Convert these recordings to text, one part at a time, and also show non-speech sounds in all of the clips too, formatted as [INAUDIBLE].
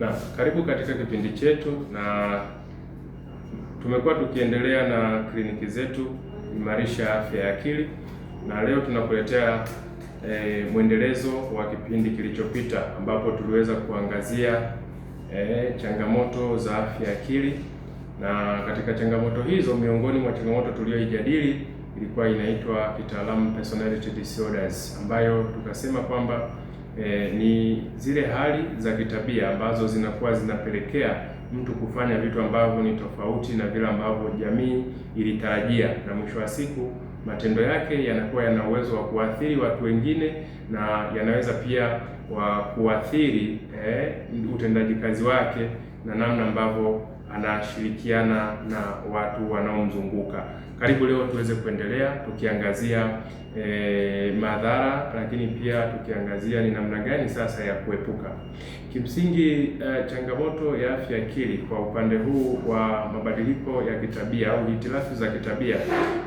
Na karibu katika kipindi chetu, na tumekuwa tukiendelea na kliniki zetu kuimarisha afya ya akili, na leo tunakuletea e, mwendelezo wa kipindi kilichopita ambapo tuliweza kuangazia e, changamoto za afya ya akili, na katika changamoto hizo, miongoni mwa changamoto tuliyoijadili ilikuwa inaitwa kitaalamu personality disorders, ambayo tukasema kwamba e, ni zile hali za kitabia ambazo zinakuwa zinapelekea mtu kufanya vitu ambavyo ni tofauti na vile ambavyo jamii ilitarajia, na mwisho wa siku matendo yake yanakuwa yana uwezo wa kuathiri watu wengine na yanaweza pia wa kuathiri eh, utendaji kazi wake na namna ambavyo anashirikiana na watu wanaomzunguka. Karibu leo tuweze kuendelea tukiangazia e, madhara, lakini pia tukiangazia ni namna gani sasa ya kuepuka. Kimsingi uh, changamoto ya afya akili kwa upande huu wa mabadiliko ya kitabia au hitilafu za kitabia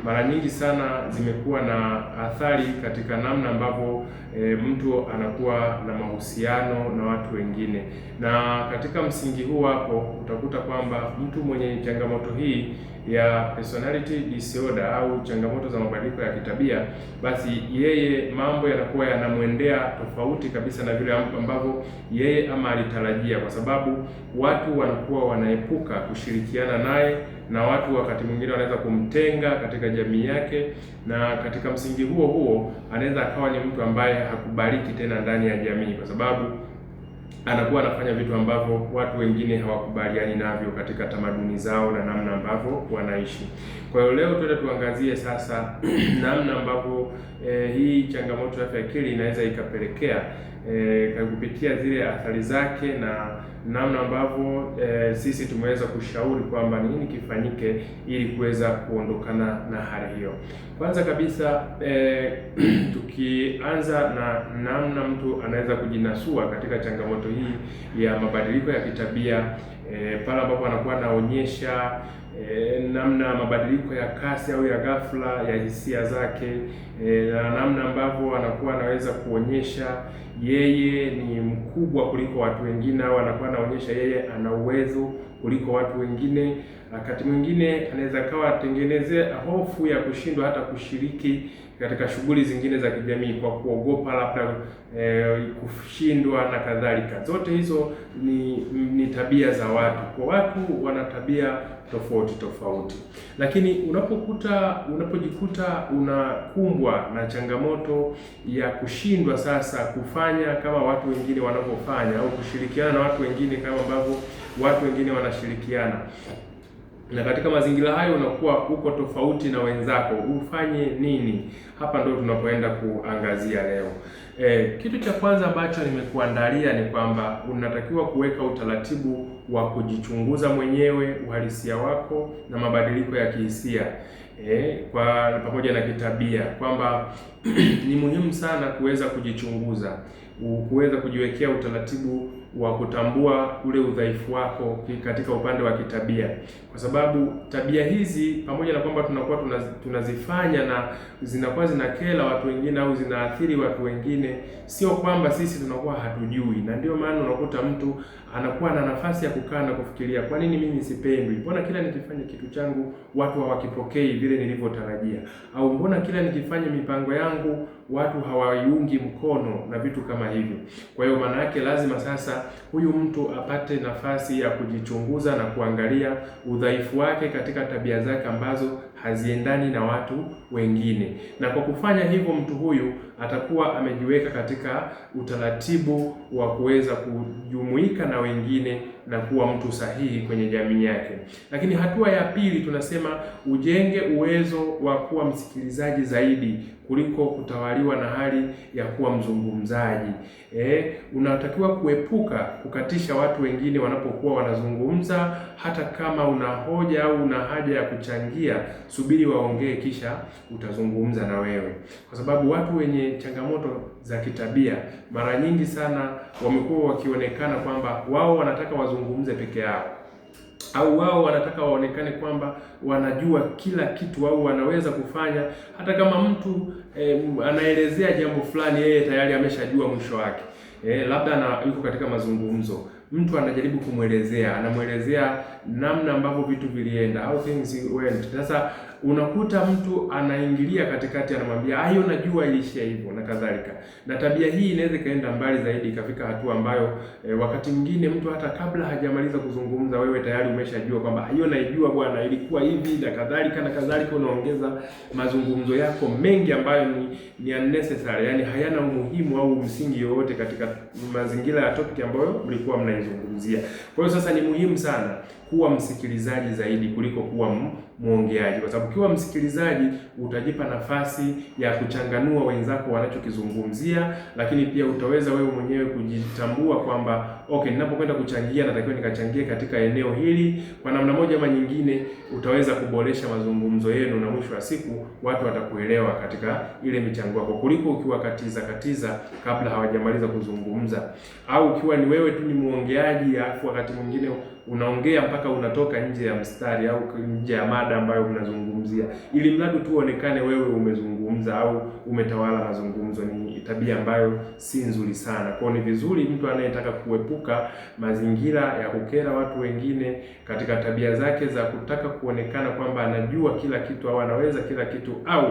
mara nyingi sana zimekuwa na athari katika namna ambavyo e, mtu anakuwa na mahusiano na watu wengine, na katika msingi huu hapo utakuta kwamba mtu mwenye changamoto hii ya personality disorder au changamoto za mabadiliko ya kitabia, basi yeye mambo yanakuwa yanamwendea tofauti kabisa na vile ambavyo yeye ama alitarajia, kwa sababu watu wanakuwa wanaepuka kushirikiana naye na watu wakati mwingine wanaweza kumtenga katika jamii yake, na katika msingi huo huo anaweza akawa ni mtu ambaye hakubaliki tena ndani ya jamii kwa sababu anakuwa anafanya vitu ambavyo watu wengine hawakubaliani navyo katika tamaduni zao na namna ambavyo wanaishi. Kwa hiyo leo tuende tuangazie sasa [CLEARS THROAT] namna ambavyo eh, hii changamoto ya afya ya akili inaweza ikapelekea eh, kupitia zile athari zake na namna ambavyo e, sisi tumeweza kushauri kwamba nini kifanyike ili kuweza kuondokana na hali hiyo. Kwanza kabisa e, [CLEARS THROAT] tukianza na namna mtu anaweza kujinasua katika changamoto hii ya mabadiliko ya kitabia e, pale ambapo anakuwa anaonyesha e, eh, namna mabadiliko ya kasi au ya ghafla ya hisia zake e, na namna ambavyo anakuwa anaweza kuonyesha yeye ni mkubwa kuliko watu wengine au anakuwa anaonyesha yeye ana uwezo kuliko watu wengine Wakati mwingine anaweza kawa atengenezea hofu ya kushindwa hata kushiriki katika shughuli zingine za kijamii kwa kuogopa labda e, kushindwa na kadhalika. Zote hizo ni, ni tabia za watu. Kwa watu wana tabia tofauti tofauti, lakini unapokuta unapojikuta unakumbwa na changamoto ya kushindwa sasa kufanya kama watu wengine wanavyofanya au kushirikiana na watu wengine kama ambavyo watu wengine wanashirikiana na katika mazingira hayo unakuwa uko tofauti na wenzako, ufanye nini? Hapa ndio tunapoenda kuangazia leo. E, kitu cha kwanza ambacho nimekuandalia ni kwamba unatakiwa kuweka utaratibu wa kujichunguza mwenyewe, uhalisia wako na mabadiliko ya kihisia e, kwa pamoja na kitabia, kwamba [CLEARS THROAT] ni muhimu sana kuweza kujichunguza, kuweza kujiwekea utaratibu wa kutambua ule udhaifu wako katika upande wa kitabia, kwa sababu tabia hizi pamoja na kwamba tunakuwa tunazifanya na zinakuwa zinakela watu wengine au zinaathiri watu wengine, sio kwamba sisi tunakuwa hatujui. Na ndio maana unakuta mtu anakuwa na nafasi ya kukaa na kufikiria, kwa nini mimi sipendwi? Mbona kila nikifanya kitu changu watu hawakipokei vile nilivyotarajia? Au mbona kila nikifanya mipango yangu watu hawaiungi mkono na vitu kama hivyo. Kwa hiyo maana yake lazima sasa huyu mtu apate nafasi ya kujichunguza na kuangalia udhaifu wake katika tabia zake ambazo haziendani na watu wengine, na kwa kufanya hivyo mtu huyu atakuwa amejiweka katika utaratibu wa kuweza kujumuika na wengine na kuwa mtu sahihi kwenye jamii yake. Lakini hatua ya pili tunasema ujenge uwezo wa kuwa msikilizaji zaidi kuliko kutawaliwa na hali ya kuwa mzungumzaji. E, unatakiwa kuepuka kukatisha watu wengine wanapokuwa wanazungumza. Hata kama una hoja au una haja ya kuchangia, subiri waongee, kisha utazungumza na wewe, kwa sababu watu wenye changamoto za kitabia mara nyingi sana wamekuwa wakionekana kwamba wao wanataka wazungumze peke yao au wao wanataka waonekane kwamba wanajua kila kitu au wanaweza kufanya. Hata kama mtu eh, anaelezea jambo fulani, yeye tayari ameshajua mwisho wake eh, labda na yuko katika mazungumzo mtu anajaribu kumwelezea, anamwelezea namna ambavyo vitu vilienda, how things went. Sasa unakuta mtu anaingilia katikati, anamwambia ah, hiyo najua ilishia hivyo na kadhalika, na tabia hii inaweza ikaenda mbali zaidi, ikafika hatua ambayo e, wakati mwingine mtu hata kabla hajamaliza kuzungumza, wewe tayari umeshajua kwamba ah, hiyo naijua bwana, ilikuwa hivi na kadhalika na kadhalika. Unaongeza mazungumzo yako mengi ambayo ni, ni unnecessary, yani hayana umuhimu au msingi yoyote katika mazingira ya topic ambayo mlikuwa mnaizungumzia. Kwa hiyo sasa ni muhimu sana kuwa msikilizaji zaidi kuliko kuwa mwongeaji, kwa sababu ukiwa msikilizaji utajipa nafasi ya kuchanganua wenzako wanachokizungumzia, lakini pia utaweza wewe mwenyewe kujitambua kwamba okay, ninapokwenda kuchangia natakiwa nikachangie katika eneo hili. Kwa namna moja ama nyingine, utaweza kuboresha mazungumzo yenu na mwisho wa siku watu watakuelewa katika ile michango yako kuliko ukiwa katiza katiza kabla hawajamaliza kuzungumza, au ukiwa ni wewe tu ni mwongeaji, alafu wakati mwingine unaongea mpaka unatoka nje ya mstari au nje ya mada ambayo mnazungumzia, ili mradi tu uonekane wewe umezungumza au umetawala mazungumzo. Ni tabia ambayo si nzuri sana. Kwao ni vizuri mtu anayetaka kuepuka mazingira ya kukera watu wengine katika tabia zake za kutaka kuonekana kwamba anajua kila kitu au anaweza kila kitu au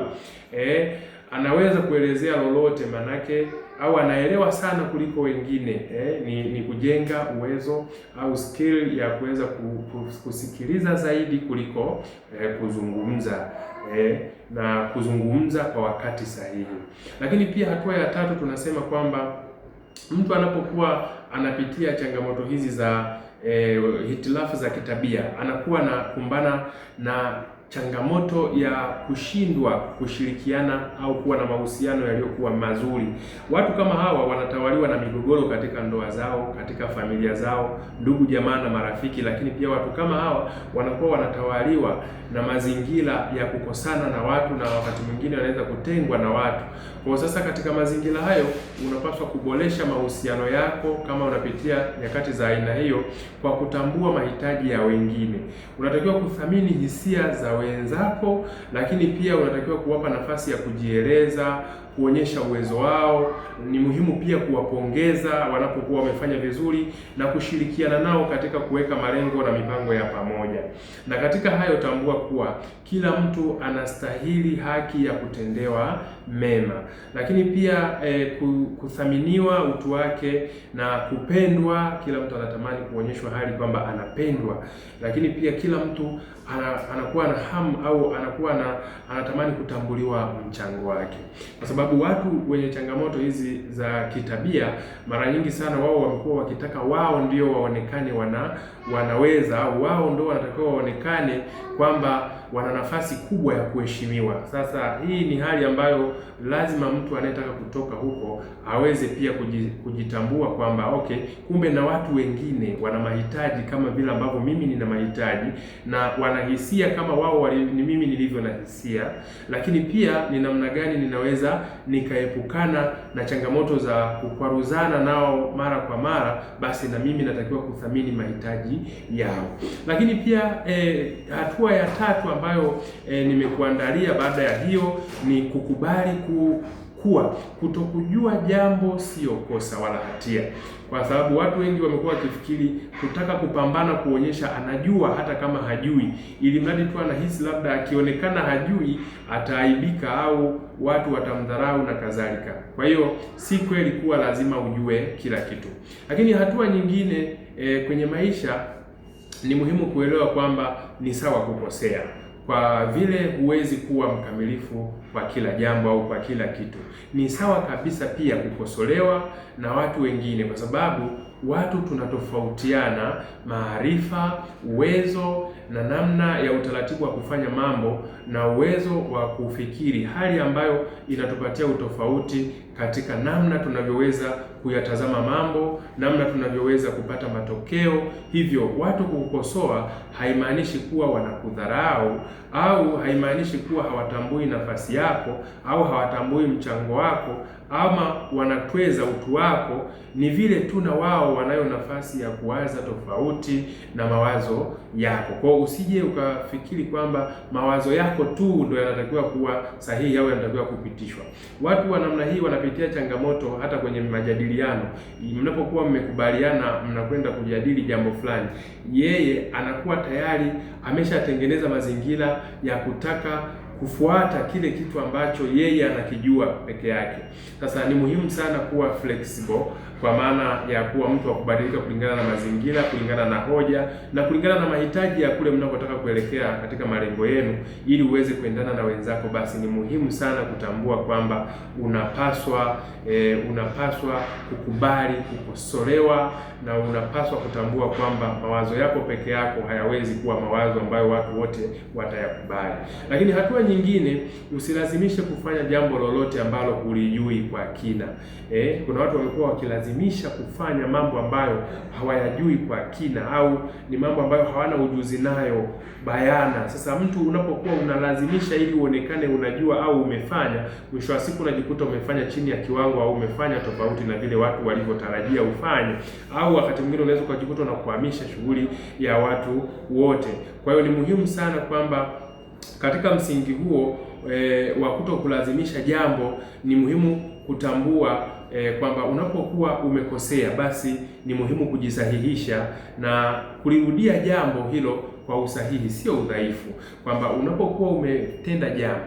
eh, anaweza kuelezea lolote manake, au anaelewa sana kuliko wengine eh, ni, ni kujenga uwezo au skill ya kuweza kusikiliza zaidi kuliko eh, kuzungumza eh, na kuzungumza kwa wakati sahihi. Lakini pia hatua ya tatu tunasema kwamba mtu anapokuwa anapitia changamoto hizi za eh, hitilafu za kitabia anakuwa na kumbana na changamoto ya kushindwa kushirikiana au kuwa na mahusiano yaliyokuwa mazuri. Watu kama hawa wanatawaliwa na migogoro katika ndoa zao, katika familia zao, ndugu jamaa na marafiki. Lakini pia watu kama hawa wanakuwa wanatawaliwa na mazingira ya kukosana na watu, na wakati mwingine wanaweza kutengwa na watu. Kwa sasa, katika mazingira hayo, unapaswa kuboresha mahusiano yako kama unapitia nyakati za aina hiyo, kwa kutambua mahitaji ya wengine. Unatakiwa kuthamini hisia za wenzako, lakini pia unatakiwa kuwapa nafasi ya kujieleza, kuonyesha uwezo wao. Ni muhimu pia kuwapongeza wanapokuwa wamefanya vizuri na kushirikiana nao katika kuweka malengo na mipango ya pamoja. Na katika hayo, tambua kuwa kila mtu anastahili haki ya kutendewa mema, lakini pia e, kuthaminiwa utu wake na kupendwa. Kila mtu anatamani kuonyeshwa hali kwamba anapendwa, lakini pia kila mtu ana, anakuwa na hamu au anakuwa na, anatamani kutambuliwa mchango wake, kwa sababu watu wenye changamoto hizi za kitabia mara nyingi sana wao wamekuwa wakitaka wao ndio waonekane wana wanaweza au wao ndio wanatakiwa waonekane kwamba wana nafasi kubwa ya kuheshimiwa. Sasa hii ni hali ambayo lazima mtu anayetaka kutoka huko aweze pia kujitambua kwamba okay, kumbe na watu wengine wana mahitaji kama vile ambavyo mimi nina mahitaji na wanahisia kama wao ni mimi nilivyo na hisia, lakini pia ni namna gani ninaweza nikaepukana na changamoto za kukwaruzana nao mara kwa mara, basi na mimi natakiwa kuthamini mahitaji yao. Lakini pia eh, hatua ya tatu ambayo e, nimekuandalia baada ya hiyo ni kukubali ku kuwa kutokujua jambo sio kosa wala hatia, kwa sababu watu wengi wamekuwa wakifikiri kutaka kupambana kuonyesha anajua hata kama hajui, ili mradi tu anahisi labda akionekana hajui ataaibika au watu watamdharau na kadhalika. Kwa hiyo si kweli kuwa lazima ujue kila kitu. Lakini hatua nyingine e, kwenye maisha ni muhimu kuelewa kwamba ni sawa kukosea kwa vile huwezi kuwa mkamilifu kwa kila jambo au kwa kila kitu. Ni sawa kabisa pia kukosolewa na watu wengine, kwa sababu watu tunatofautiana maarifa, uwezo na namna ya utaratibu wa kufanya mambo na uwezo wa kufikiri, hali ambayo inatupatia utofauti katika namna tunavyoweza kuyatazama mambo, namna tunavyoweza kupata matokeo. Hivyo watu kukukosoa haimaanishi kuwa wanakudharau au haimaanishi kuwa hawatambui nafasi yako au hawatambui mchango wako ama wanatweza utu wako. Ni vile tu na wao wanayo nafasi ya kuwaza tofauti na mawazo yako. Kwa hiyo usije ukafikiri kwamba mawazo yako tu ndio yanatakiwa kuwa sahihi au yanatakiwa kupitishwa. Watu wa namna hii wanapitia changamoto hata kwenye majadiliano majadiliano. Mnapokuwa mmekubaliana, mnakwenda kujadili jambo fulani, yeye anakuwa tayari ameshatengeneza mazingira ya kutaka kufuata kile kitu ambacho yeye anakijua peke yake. Sasa ni muhimu sana kuwa flexible kwa maana ya kuwa mtu wa kubadilika kulingana na mazingira, kulingana na hoja na kulingana na mahitaji ya kule mnakotaka kuelekea katika malengo yenu, ili uweze kuendana na wenzako. Basi ni muhimu sana kutambua kwamba unapaswa e, unapaswa kukubali kukosolewa na unapaswa kutambua kwamba mawazo yako peke yako hayawezi kuwa mawazo ambayo watu wote watayakubali. Lakini hatua nyingine, usilazimishe kufanya jambo lolote ambalo hulijui kwa kina. E, kuna watu wamekuwa wakilazimisha kujilazimisha kufanya mambo ambayo hawayajui kwa kina au ni mambo ambayo hawana ujuzi nayo bayana. Sasa mtu unapokuwa unalazimisha ili uonekane unajua au umefanya, mwisho wa siku unajikuta umefanya chini ya kiwango au umefanya tofauti na vile watu walivyotarajia ufanye, au wakati mwingine unaweza ukajikuta unakwamisha shughuli ya watu wote. Kwa hiyo ni muhimu sana kwamba katika msingi huo e, wa kuto kulazimisha jambo, ni muhimu kutambua e, kwamba unapokuwa umekosea basi ni muhimu kujisahihisha na kulirudia jambo hilo kwa usahihi, sio udhaifu, kwamba unapokuwa umetenda jambo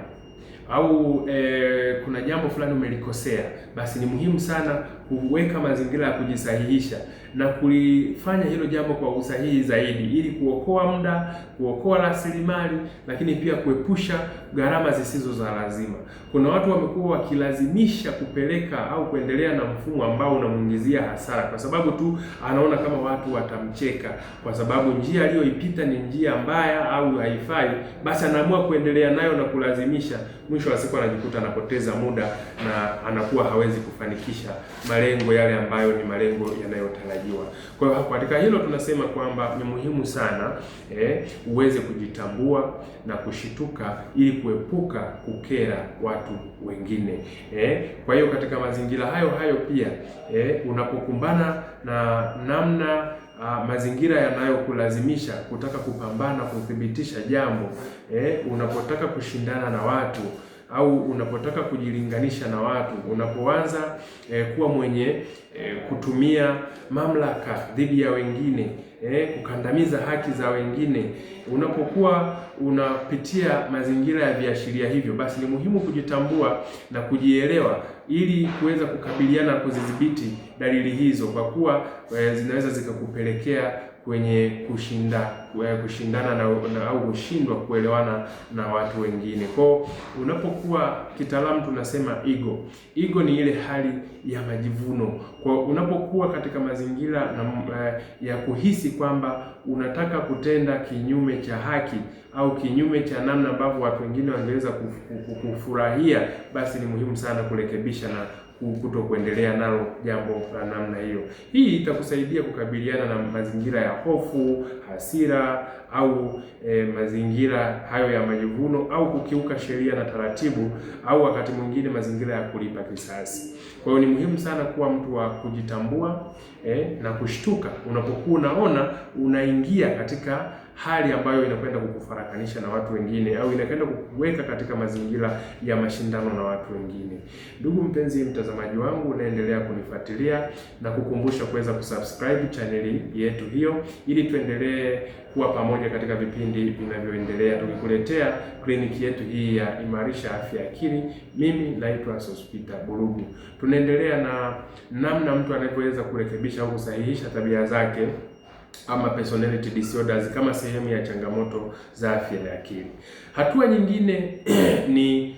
au e, kuna jambo fulani umelikosea, basi ni muhimu sana kuweka mazingira ya kujisahihisha na kulifanya hilo jambo kwa usahihi zaidi, ili kuokoa muda, kuokoa rasilimali, lakini pia kuepusha gharama zisizo za lazima. Kuna watu wamekuwa wakilazimisha kupeleka au kuendelea na mfumo ambao unamuingizia hasara, kwa sababu tu anaona kama watu watamcheka, kwa sababu njia aliyoipita ni njia mbaya au haifai, basi anaamua kuendelea nayo na kulazimisha. Mwisho wa siku anajikuta anapoteza muda na anakuwa hawezi kufanikisha malengo yale ambayo ni malengo yanayotarajiwa. Kwa hiyo katika hilo tunasema kwamba ni muhimu sana eh, uweze kujitambua na kushituka ili kuepuka kukera watu wengine eh. Kwa hiyo katika mazingira hayo hayo pia eh, unapokumbana na namna Uh, mazingira yanayokulazimisha kutaka kupambana kuthibitisha jambo eh, unapotaka kushindana na watu au unapotaka kujilinganisha na watu, unapoanza eh, kuwa mwenye eh, kutumia mamlaka dhidi ya wengine eh, kukandamiza haki za wengine, unapokuwa unapitia mazingira ya viashiria hivyo, basi ni muhimu kujitambua na kujielewa ili kuweza kukabiliana na kuzidhibiti dalili hizo, kwa kuwa eh, zinaweza zikakupelekea kwenye kushinda eh, kushindana na, na, au kushindwa kuelewana na watu wengine. Kwa unapokuwa kitaalamu tunasema ego. Ego ni ile hali ya majivuno. Kwa unapokuwa katika mazingira na, eh, ya kuhisi kwamba unataka kutenda kinyume cha haki au kinyume cha namna ambavyo watu wengine wangeweza kufurahia, basi ni muhimu sana kurekebisha na kuto kuendelea nalo jambo la namna hiyo. Hii itakusaidia kukabiliana na mazingira ya hofu, hasira au e, mazingira hayo ya majivuno au kukiuka sheria na taratibu au wakati mwingine mazingira ya kulipa kisasi. Kwa hiyo ni muhimu sana kuwa mtu wa kujitambua e, na kushtuka unapokuwa unaona unaingia katika hali ambayo inakwenda kukufarakanisha na watu wengine au inakwenda kukuweka katika mazingira ya mashindano na watu wengine. Ndugu mpenzi mtazamaji wangu, unaendelea kunifuatilia na kukumbusha kuweza kusubscribe chaneli yetu hiyo ili tuendelee kuwa pamoja pamoja katika vipindi vinavyoendelea, tukikuletea kliniki yetu hii ya Imarisha Afya Akili. Mimi naitwa Sospita Burugu. Tunaendelea na namna mtu anavyoweza kurekebisha au kusahihisha tabia zake ama personality disorders kama sehemu ya changamoto za afya ya akili. Hatua nyingine [CLEARS THROAT] ni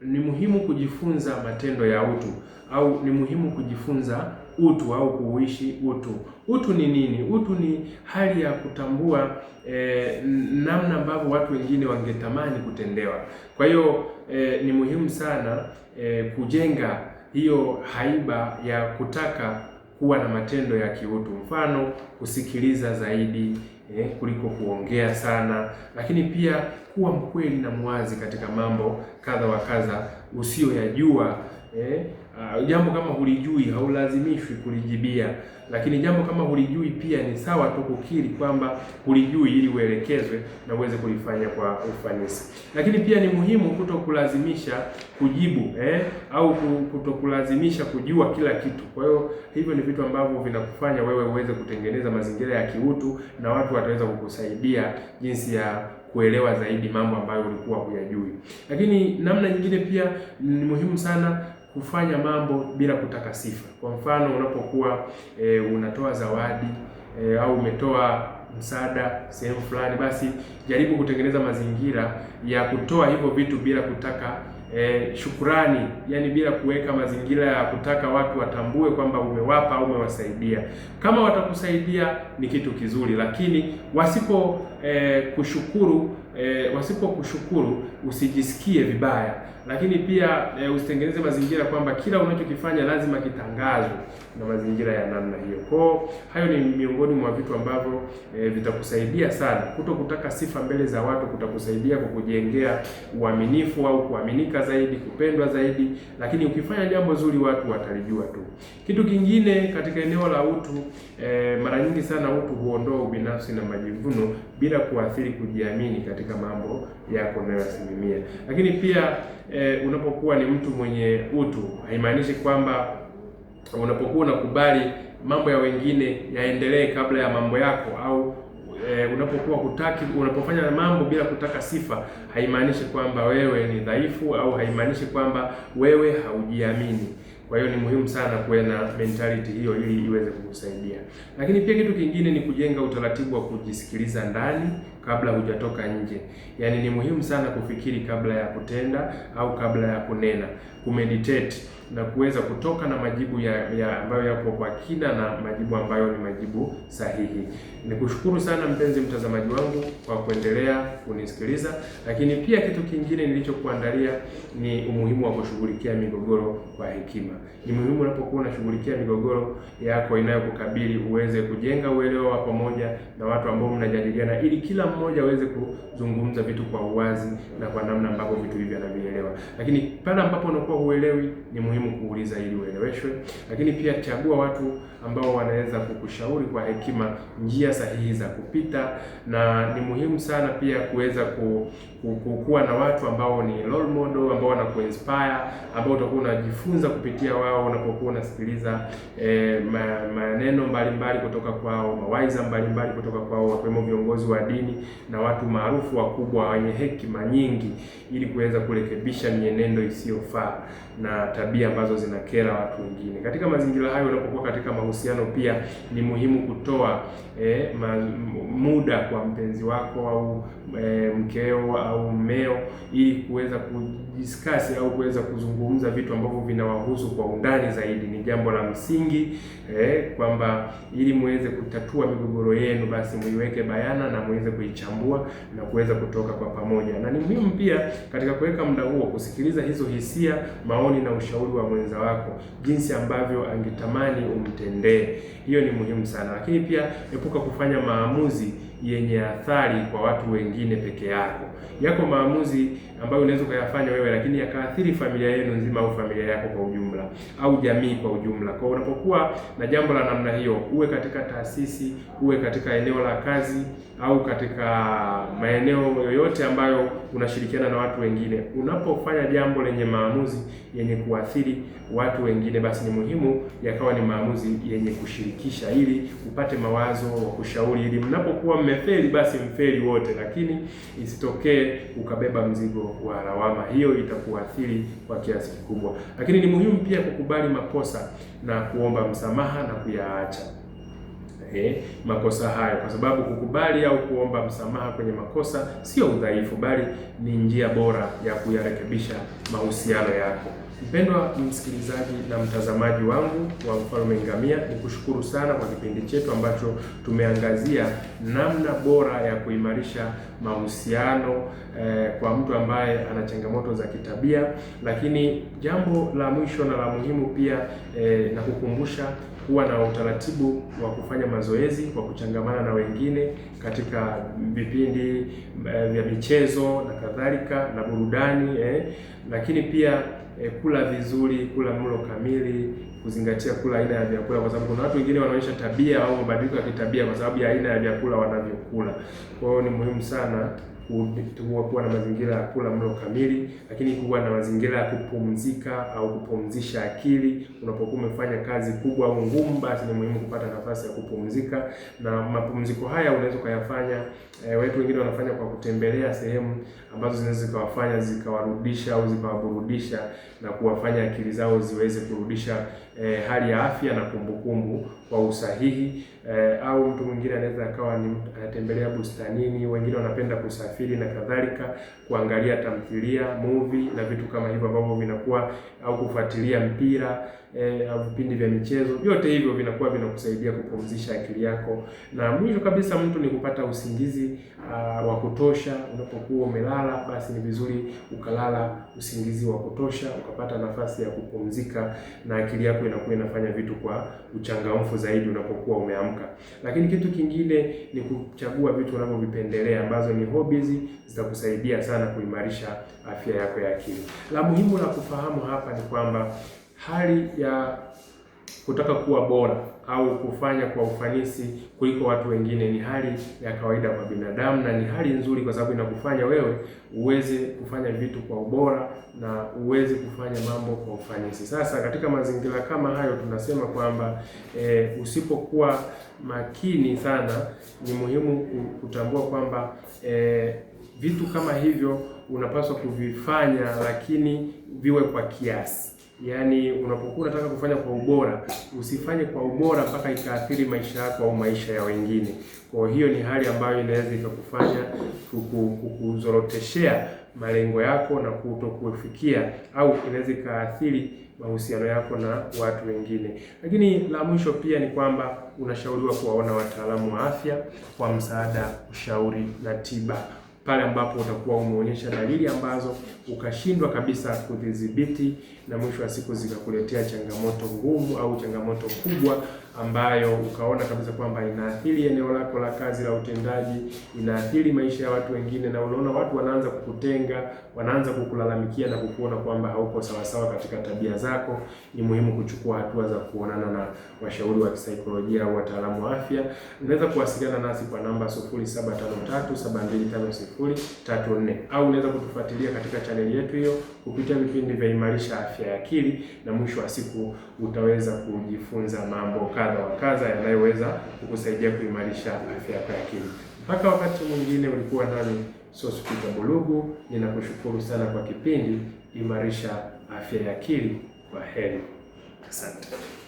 ni muhimu kujifunza matendo ya utu au ni muhimu kujifunza utu au kuuishi utu. Utu ni nini? Utu ni hali ya kutambua eh, namna ambavyo watu wengine wangetamani kutendewa. Kwa hiyo eh, ni muhimu sana eh, kujenga hiyo haiba ya kutaka kuwa na matendo ya kiutu, mfano kusikiliza zaidi eh, kuliko kuongea sana, lakini pia kuwa mkweli na mwazi katika mambo kadha wa kadha usiyoyajua eh, Uh, jambo kama hulijui haulazimishwi kulijibia, lakini jambo kama hulijui pia ni sawa tu kukiri kwamba hulijui ili uelekezwe na uweze kulifanya kwa ufanisi. Lakini pia ni muhimu kutokulazimisha kujibu eh, au kutokulazimisha kujua kila kitu. Kwa hiyo hivyo ni vitu ambavyo vinakufanya wewe uweze kutengeneza mazingira ya kiutu na watu wataweza kukusaidia jinsi ya kuelewa zaidi mambo ambayo ulikuwa huyajui. Lakini namna nyingine pia ni muhimu sana kufanya mambo bila kutaka sifa. Kwa mfano, unapokuwa e, unatoa zawadi e, au umetoa msaada sehemu fulani, basi jaribu kutengeneza mazingira ya kutoa hivyo vitu bila kutaka e, eh, shukurani, yani bila kuweka mazingira ya kutaka watu watambue kwamba umewapa au umewasaidia. Kama watakusaidia ni kitu kizuri, lakini wasipo e, kushukuru e, wasipokushukuru usijisikie vibaya lakini pia e, usitengeneze mazingira kwamba kila unachokifanya lazima kitangazwe na mazingira ya namna hiyo. Kwa hayo ni miongoni mwa vitu ambavyo e, vitakusaidia sana. Kuto kutaka sifa mbele za watu kutakusaidia kukujengea uaminifu au kuaminika zaidi, kupendwa zaidi, lakini ukifanya jambo zuri watu watalijua tu. Kitu kingine katika eneo la utu e, mara nyingi sana utu huondoa ubinafsi na majivuno bila kuathiri kujiamini katika mambo yako unayoyasimamia. Lakini pia e, unapokuwa ni mtu mwenye utu, haimaanishi kwamba unapokuwa unakubali mambo ya wengine yaendelee kabla ya mambo yako au E, unapokuwa kutaki unapofanya mambo bila kutaka sifa, haimaanishi kwamba wewe ni dhaifu au haimaanishi kwamba wewe haujiamini. Kwa hiyo ni muhimu sana kuwe na mentality hiyo ili iweze kukusaidia. Lakini pia kitu kingine ni kujenga utaratibu wa kujisikiliza ndani kabla hujatoka nje. Yaani ni muhimu sana kufikiri kabla ya kutenda au kabla ya kunena kumeditate na kuweza kutoka na majibu ya, ya ambayo yapo kwa kina na majibu ambayo ni majibu sahihi. Nikushukuru sana mpenzi mtazamaji wangu kwa kuendelea kunisikiliza, lakini pia kitu kingine nilichokuandalia ni umuhimu wa kushughulikia migogoro kwa hekima. Ni muhimu unapokuwa unashughulikia migogoro yako inayokukabili uweze kujenga uelewa wa pamoja na watu ambao mnajadiliana, ili kila mmoja aweze kuzungumza vitu kwa uwazi na kwa namna ambavyo vitu hivyo anavielewa, lakini pale ambapo unakuwa kama uelewi, ni muhimu kuuliza ili ueleweshwe. Lakini pia chagua watu ambao wanaweza kukushauri kwa hekima njia sahihi za kupita, na ni muhimu sana pia kuweza ku kuwa na watu ambao ni role model, ambao wanakuinspire, ambao utakuwa unajifunza kupitia wao unapokuwa unasikiliza eh, maneno mbalimbali kutoka kwao, mawaidha mbalimbali kutoka kwao, wakiwemo viongozi wa dini na watu maarufu wakubwa wenye hekima nyingi, ili kuweza kurekebisha mienendo isiyofaa na tabia ambazo zinakera watu wengine. Katika mazingira hayo, unapokuwa katika mahusiano, pia ni muhimu kutoa eh, ma, muda kwa mpenzi wako au eh, mkeo au mmeo, ili kuweza kudiskasi au kuweza kuzungumza vitu ambavyo vinawahusu kwa undani zaidi. Ni jambo la msingi eh, kwamba ili muweze kutatua migogoro yenu, basi muiweke bayana na muweze kuichambua na kuweza kutoka kwa pamoja. Na ni muhimu pia katika kuweka muda huo kusikiliza hizo hisia, maoni na ushauri wa mwenza wako, jinsi ambavyo angetamani umtendee. Hiyo ni muhimu sana, lakini pia epuka kufanya maamuzi yenye athari kwa watu wengine peke yako. Yako maamuzi ambayo unaweza ukayafanya wewe, lakini yakaathiri familia yenu nzima au familia yako kwa ujumla au jamii kwa ujumla. Kwa unapokuwa na jambo la namna hiyo, uwe katika taasisi, uwe katika eneo la kazi au katika maeneo yoyote ambayo unashirikiana na watu wengine, unapofanya jambo lenye maamuzi yenye kuathiri watu wengine, basi ni muhimu yakawa ni maamuzi yenye kushirikisha, ili upate mawazo wa kushauri, ili mnapokuwa mme umefeli basi mfeli wote, lakini isitokee ukabeba mzigo wa lawama. Hiyo itakuathiri kwa kiasi kikubwa, lakini ni muhimu pia kukubali makosa na kuomba msamaha na kuyaacha eh, makosa hayo, kwa sababu kukubali au kuomba msamaha kwenye makosa sio udhaifu, bali ni njia bora ya kuyarekebisha mahusiano yako. Mpendwa msikilizaji na mtazamaji wangu wa Mfalme Ngamia, nikushukuru sana kwa kipindi chetu ambacho tumeangazia namna bora ya kuimarisha mahusiano eh, kwa mtu ambaye ana changamoto za kitabia. Lakini jambo la mwisho na la muhimu pia eh, na kukumbusha kuwa na utaratibu wa kufanya mazoezi kwa kuchangamana na wengine katika vipindi eh, vya michezo na kadhalika na burudani eh, lakini pia e, kula vizuri, kula mlo kamili, kuzingatia kula aina ya vyakula, kwa sababu kuna watu wengine wanaonyesha tabia au mabadiliko ya kitabia kwa sababu ya aina ya vyakula wanavyokula. Kwa hiyo ni muhimu sana kuwa na mazingira ya kula mlo kamili, lakini kuwa na mazingira ya kupumzika au kupumzisha akili. Unapokuwa umefanya kazi kubwa au ngumu, basi ni muhimu kupata nafasi ya kupumzika, na mapumziko haya unaweza ukayafanya e, watu wengine wanafanya kwa kutembelea sehemu ambazo zinaweza zikawafanya zikawarudisha au zikawaburudisha na kuwafanya akili zao ziweze kurudisha e, hali ya afya na kumbukumbu kwa usahihi e, au mtu mwingine anaweza akawa anatembelea bustanini, wengine wanapenda kusafiri na kadhalika, kuangalia tamthilia, movie na vitu kama hivyo ambavyo vinakuwa au kufuatilia mpira eh, au vipindi vya michezo. Vyote hivyo vinakuwa vinakusaidia kupumzisha akili yako, na mwisho kabisa mtu ni kupata usingizi uh, wa kutosha. Unapokuwa umelala, basi ni vizuri ukalala usingizi wa kutosha, ukapata nafasi ya kupumzika, na akili yako inakuwa inafanya vitu kwa uchangamfu zaidi unapokuwa umeamka. Lakini kitu kingine ni kuchagua vitu unavyovipendelea ambazo ni hobbies, zitakusaidia sana kuimarisha afya yako ya akili. La muhimu la kufahamu hapa ni kwamba hali ya kutaka kuwa bora au kufanya kwa ufanisi kuliko watu wengine ni hali ya kawaida kwa binadamu, na ni hali nzuri, kwa sababu inakufanya wewe uweze kufanya vitu kwa ubora na uweze kufanya mambo kwa ufanisi. Sasa katika mazingira kama hayo, tunasema kwamba e, usipokuwa makini sana, ni muhimu kutambua kwamba e, vitu kama hivyo unapaswa kuvifanya, lakini viwe kwa kiasi Yaani, unapokuwa unataka kufanya kwa ubora, usifanye kwa ubora mpaka ikaathiri maisha yako au maisha ya wengine. Kwa hiyo ni hali ambayo inaweza ikakufanya kukuzoroteshea malengo yako na kufikia au inaweza ikaathiri mahusiano yako na watu wengine. Lakini la mwisho pia ni kwamba unashauriwa kuwaona wataalamu wa afya kwa msaada, ushauri na tiba pale ambapo utakuwa umeonyesha dalili ambazo ukashindwa kabisa kudhibiti na mwisho wa siku zikakuletea changamoto ngumu au changamoto kubwa ambayo ukaona kabisa kwamba inaathiri eneo lako la kazi la utendaji, inaathiri maisha ya watu wengine, na unaona watu wanaanza kukutenga, wanaanza kukulalamikia na kukuona kwamba hauko sawasawa katika tabia zako, ni muhimu kuchukua hatua za kuonana na washauri wa kisaikolojia au wataalamu wa afya. Unaweza kuwasiliana nasi kwa namba 0753725034 au unaweza kutufuatilia katika chaneli yetu hiyo kupitia vipindi vya Imarisha Afya ya Akili, na mwisho wa siku utaweza kujifunza mambo kadha wa kadha yanayoweza kukusaidia kuimarisha afya yako ya akili. Mpaka wakati mwingine, ulikuwa nami Sospeter Bulugu, ninakushukuru sana kwa kipindi Imarisha Afya ya Akili. Kwa heri, asante.